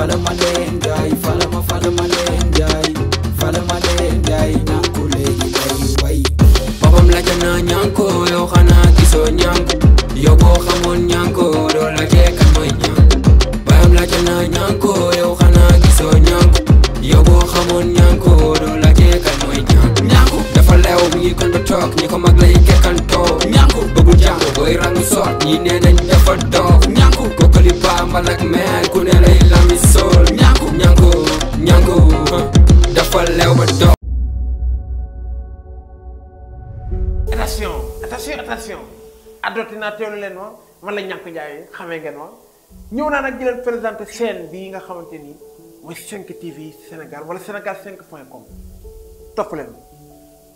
follow my name, guy. Follow my, follow my name, guy. Follow my name, guy. Nanko lady, guy, why? Babam la jana nyanko, yo khana kiso nyanko. Yo bo khamon nyanko, do la ke kamo nyanko. Babam la jana nyanko, yo khana kiso nyanko. Yo bo khamon nyanko, do la ke kamo nyanko. Nyanko, da falao mi kon do talk, ni ko maglay ke kanto. Nyanko, babu jango, boy rangu sort, ni nena nyafa dog. làmbal ak meen ku ne lay lami sol ñànku ñànku ñànku dafa lew ba leen ma man la ñànku njaay xamee ngeen ma ñëw naa nag di leen présenté chaîne bii nga xamante ni mooy 5 TV Sénégal wala Sénégal 5 point com topp leen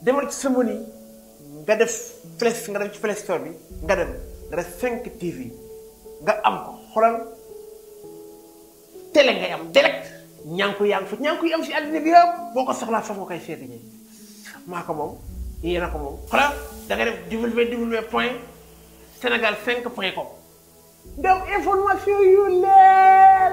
demal ci sama nga def flash nga dem ci flash store bi nga dem nga def TV nga am ko xoolal télé ngay am direct ñànku yaa ngi fa ñànku yi am si àddina bi yëpp boo ko soxlaa foofu nga koy seeti maa ko moom yéen a ko moom xoolal da nga def www point sénégal 5 point com donc information yu leer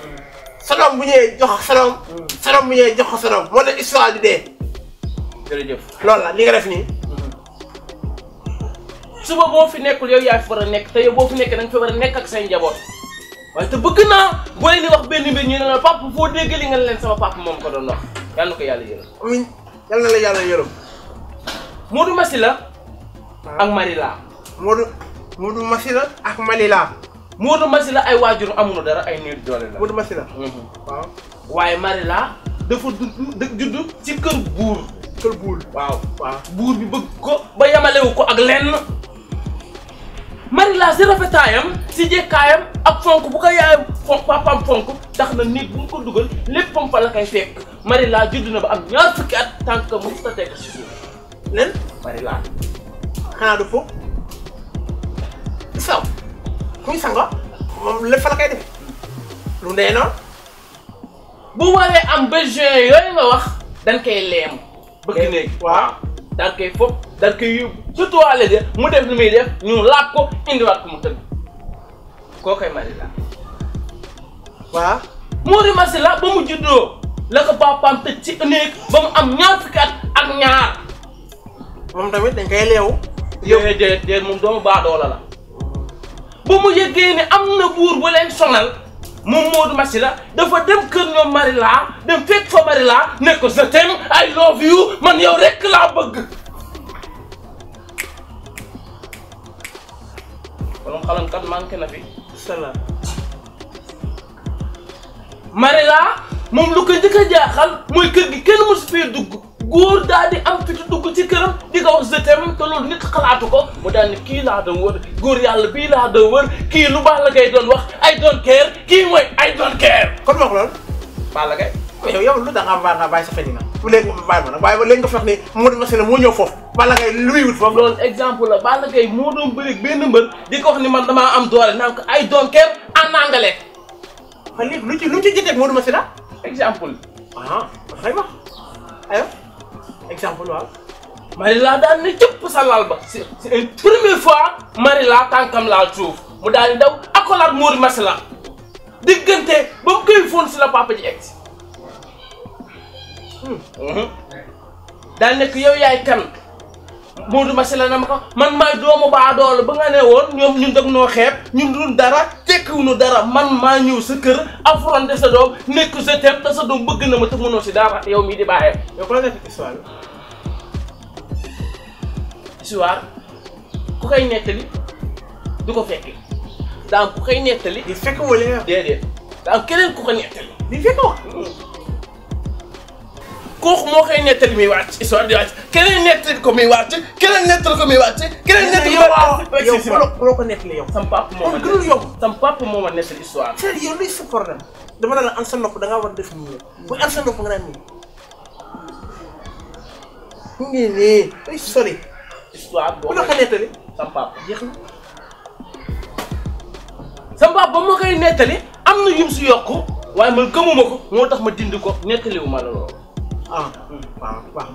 salom bu ñëwee jox ko salom. Mm. salom bu ñëwee jox ko salom moo tax histoire di dee. jërëjëf la li nga def nii. Mm-hmm. suba boo fi nekkul yow yaa fi war nekk te yow boo fi nekkee da nga fi war a nekk ak say njaboot. waaye te bëgg naa boo leen di wax benn mbir ñu ne la papa foo dégg li nga leen sama papa moom ko doon wax yal na ko yàlla yërëm. amiin la yàlla yërëm. Modou Massi la. Ah. ak Malila. Modou Modou Massi la ak Malila. Modou Masila ay waajur amuñu dara ay nuyu doole la. Modou Masila. Mhm. waaw waaye Marila dafa dund judd ci kër buur. kër buur bi bëgg ko ba yemalewu ko ak lenn. Marila si rafetaayam si jekkaayam ak fonk bu ko yaayam fonk papaam fonk tax na nit bu ko dugal lépp pompa la koy fekk Marila judd na ba am ñaar fukki at tànk mu sa teg si suuf leen Marila xanaa du buñ sangoo moom lépp fa la koy def lu noonu. bu waree am besoin yooyu nga wax dañ koy leem. bëgg néeg waaw dañ koy fob dañ koy yóbbu surtout wàll de mu def muy def ñu laab ko indiwaat ko mu tëdd koo koy mari la waaw Mori Masila ba mu juddoo la ko papaam tëj ci néeg ba mu am ñaar fukki at ak ñaar. moom tamit dañ koy leewu. yow déedéet moom doomu baadoola la. ba mu yëggee ne am na buur bu leen sonal moom Modou Massila dafa dem kër ñoom Marila dem fekk fa Marila ne ko je t'aime I love you man yow rek laa bëgg. borom xalam moom lu ko njëkk jaaxal mooy kër gi kenn mësu fee dugg. góor daal di am fitu dugg ci këram di ko wax je t'aime te loolu nit xalaatu ko mu daal ni kii laa doon wër góor yàlla bii laa doon wër kii lu baax la ngay doon wax I don't care kii mooy I don't care. kon wax loolu Balla Gaye yow yow lu da am baax nga bàyyi sa fenn na bu léegi bàyyi ma nag waaye ba léegi nga fex ne Modou Masina moo ñëw foofu Balla Gaye lu muy wut foofu loolu exemple la Balla Gaye moo doon bëri benn mbër di ko wax ni man damaa am doole naan ko I don't care en anglais lu ci lu ci jëndee ak Modou Masina exemple ah, exemple waaw mari laa daan ne cëpp sa laal ba c'est une première fois mari laa tànkam laal suuf mu daal di daw akolaat muuri masala diggante ba mu koy fóon si la papa ji egg hmm. Hmm. daal nekk yow yaay kan Modou ma la nam ko man maay doomu baadoolo ba nga ne woon ñun dag noo xeeb ñun du dara tekkiwuñu dara man maa ñëw sa kër affronté sa doom nekk sa teeb te sa doom bëgg na ma te mënoo si dara yow mii di bàyyee yow ko la nekk histoire bi ku koy nettali du ko fekki daa am ku koy nettali di fekk wala déedéet daa am keneen ku ko nettali di fekk wax kooku moo koy nettali muy wàcc histoire di wàcc keneen nettali ko muy wàcc keneen nettali ko muy wàcc keneen nettali ko ah, yow loo ko nettali yow sam papa moo ma gënul yow sam papa moo ma nettali histoire c'est yow luy sa problème dama ne la am sa nopp da ngaa war def nii bu am sa nopp nga naan nii mu ngi nii day sori histoire boo ko nettali sam papa jeex na sam papa ba ma koy nettali am na yum si yokku waaye man gëmuma ko moo tax ma dindi ko nettaliwu ma la loolu ah waaw waaw.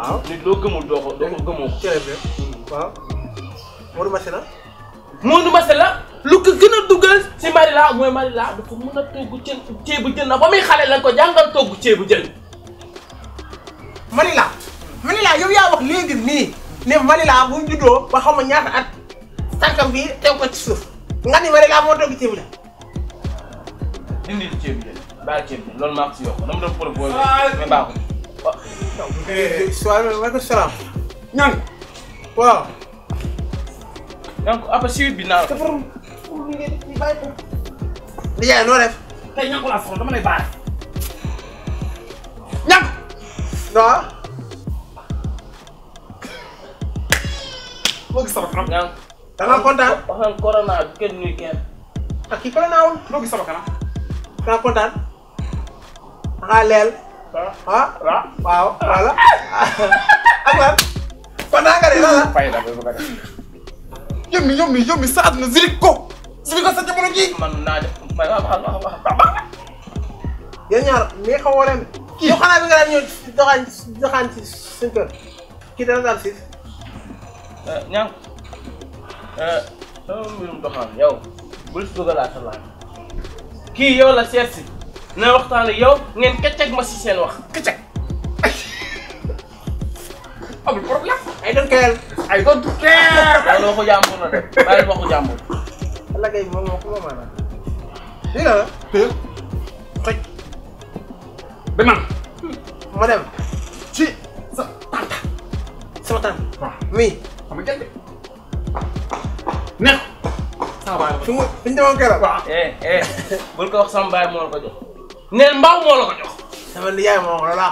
waaw nit loo gëmul doo ko doo ko gëmoo. très bien waaw. Modou Masela. Modou lu gën a dugal si Marila mooy Marila dafa mën a togg ceeb ceebu jën na ba muy xale lañ ko jàngal togg ceebu jën. Marila. Marila yow yaa wax léegi nii ne Marila bu juddoo ba xaw ma ñaata at tànkam bi teg ko ci suuf nga ni Marila moo togg ceebu jën. dindi ceebu jën. baa ceeb bi loolu maa ko si yokk na mu doon proposé Nyang. baaxul. waaw. waaw salaam. ñan. waaw. donc après suite bi naa. defaral pour ñu ngi bàyyi ko. Ndiaye Nyang. def. tey ñan ko Nyang. soxla dama lay baare. ñan. waaw. loo gis sama kanam. ñan. Ah, da xaaleel ah ah, ah, ah, ah, ah, ah, ah, ah, ah, la ah, ah, ah, ah, ah, ah, ah, ah, ah, ah, ah, ah, ah, sa jamono ah, ah, ah, def ah, ah, ah, ah, ah, ñaar mi ah, ah, ah, ah, ah, bi nga ah, ah, ah, ah, ah, ah, ah, ah, ah, ah, ah, ah, sama ah, ah, yow ah, ah, ah, ah, ah, yow la seet na waxtaanee yow ngeen këccëg ma ci seen wax këccëg. amul problème. I don't care. I don't care. loolu waxu jàmbur la de bàyyi ko jambul la kay mo moo ko moom maanaam. dégg nga. tey toj. man. ma dem. ci sa tata sama tata waaw oui. xam nga gerte. sama baay la ko jox fi ñu demoon keroog. waaw. eh eh bul ko wax sama baay moo la ko jox. neen mbaaw moo la ko jox. sama nijaay moo ko laa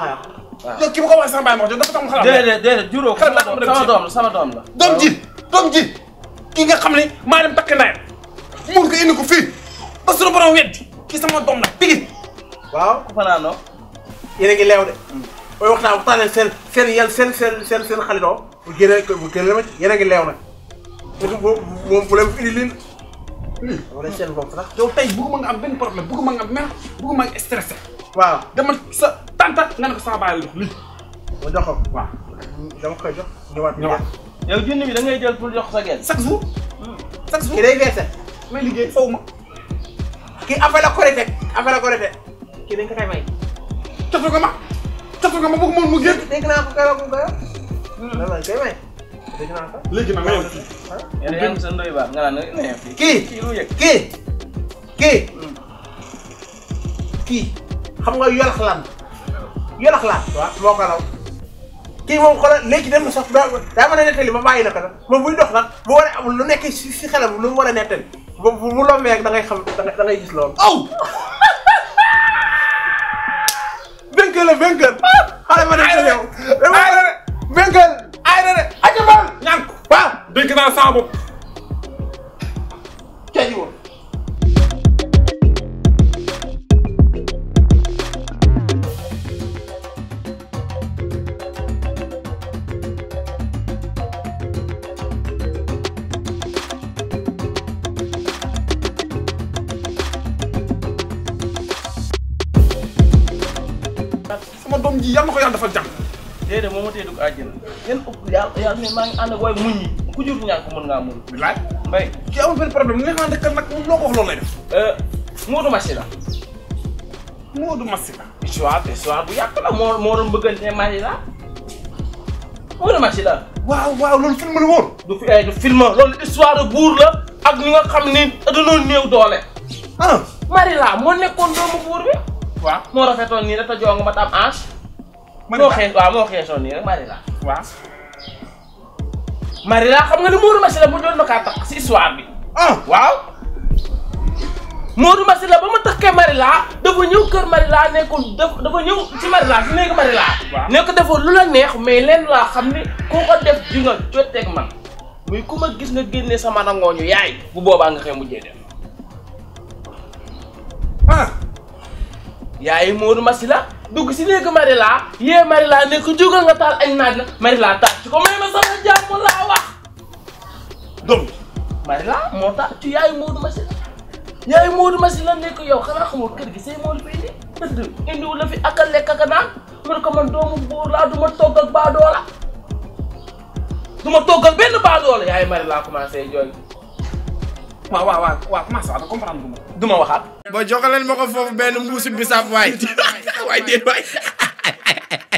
xalaat. déedéet déedéet juróom sama doom sama doom la. doom ji doom ji ki nga xam ne maa dem takk ndayam mun ko indi ko fii ba suñu borom weddi ki sama doom la pigi. waaw ku fa naanoo. yéen a ngi leew wax naa bu taalee seen seen yel seen seen seen seen xaritoo bu génnee bu génnee ma yéen a ngi leew wala seen bopp sax yow tey bëgguma nga mengambil benn problème bëgguma nga mer bëgguma nga stressé waaw dama sa tanta nga ne ko sama bàyyi jox lii ma jox ko waaw dama koy jox ñëwaat ñëwaat yow junni bi da ngay jël pour jox sa genn chaque jour chaque jour ki day versé may liggéey faw ma kii affaire la correcte affaire la correcte kii dañ ko koy may tafu nga ma tafu nga ma bëgg moon mu génn dégg naa ko kaw léegi nag nga yem fii. a yem sa ndoy baax nga naan nga yem fii. kii kii kii kii xam nga yolax lan yolax lan. waaw moo ko raw. kii moom xoolal léegi dem na sax daa daa mën a nettali ma bàyyi na ko nag moom buy dox nag bu war lu nekk si si xelam lu mu war a nettali bu bu lombee rek da ngay xam da ngay gis loolu. aw. vainqueur la vainqueur. xale bàyyi na de. ayca baal ñaan ko. waaw dégg naa saa bopp. caji woon. sama doom ji yàlla na ko yàlla defal jàmm. déedéet moom a tee dugg àjjana yéen yàlla yàlla ne ngi ànd ak waaye muñ ñi ku jur ñaan ko mën ngaa muñ mbay ci amul benn problème li nga xamante kat nag ko wax loolu lay def euh, Modou Modou bu yàgg la moo moo doon bëggante ne Massila Modou Massila waaw waaw loolu film la woon du fi ay eh, film loolu histoire buur la ak ñu nga doole ah Massila moo nekkoon doomu buur bi waaw moo rafetoon nii rek ma tam ange moo xee waaw moo xeesoon nii rek Marila waaw Marila xam nga ne Modou Massi la bu doon na kaa takk si histoire bi ah. waaw Modou Massi la ba ma takkee Marila dafa ñëw kër Marila ne ko dafa ñëw ci Marila si néegu Marila ne dafa lu la neex mais leen laa xam ni ku ko def di nga joteeg man muy ku gis nga génne sama rangooñu yaay bu boobaa nga xëy mujjee dem ah. yaay Modou masila dugg si néegu Marila ye Marila ne ko jógal nga taal añ naaj la ta ci ko may ma sama jàmm la wax donc Marila mota tàcc yaay Modou Massila yaay Modou Massila Yau ko yow xana xamou keur gi sey mool fii leka tëdd indiwu la fi akal lek lekk ak a naan ko man domou bour la duma togg ak yaay Marila commencé jooy waaw waaw waaw waaw commencé waat comprendre ma du ma waxaat. boo jox leen ma ko foofu benn mbuusi bisaab waay waay